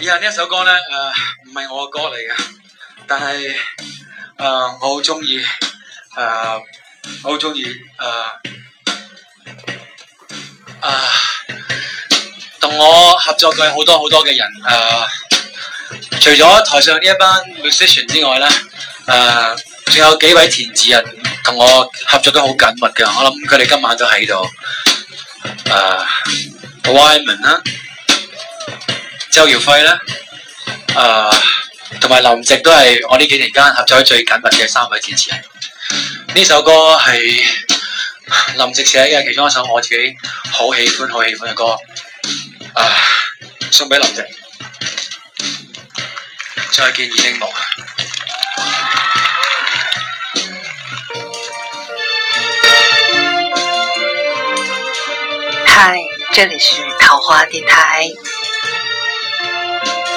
以下呢一首歌咧，誒唔係我嘅歌嚟嘅，但係誒我好中意，我好中意，誒誒同我合作過好多好多嘅人，誒、呃、除咗台上呢一班 musician 之外咧，誒、呃、仲有幾位填詞人同我合作得好緊密嘅，我諗佢哋今晚都喺度，誒、呃、Wyman 啦。周耀輝呢，啊，同埋林夕都係我呢幾年間合作最緊密嘅三位詞人。呢首歌係林夕寫嘅，其中一首我自己好喜歡、好喜歡嘅歌，啊，送俾林夕。再見，二丁目。Hi，這裏是桃花電台。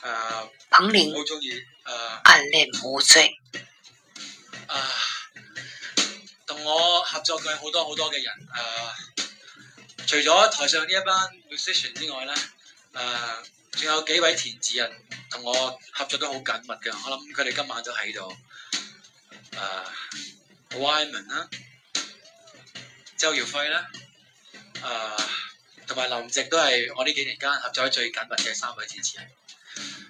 誒、啊，我好中意誒，暗戀無罪。啊、同、啊、我合作過好多好多嘅人，誒、啊，除咗台上呢一班 musician 之外咧，誒、啊，仲有幾位填詞人同我合作得好緊密嘅，我諗佢哋今晚都喺度。誒、啊、Wyman 啦，周耀輝啦，誒、啊，同埋林夕都係我呢幾年間合作得最緊密嘅三位填詞人。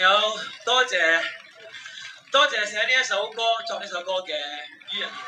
還有，多謝多謝寫呢一首歌，作呢首歌嘅伊人。Yeah.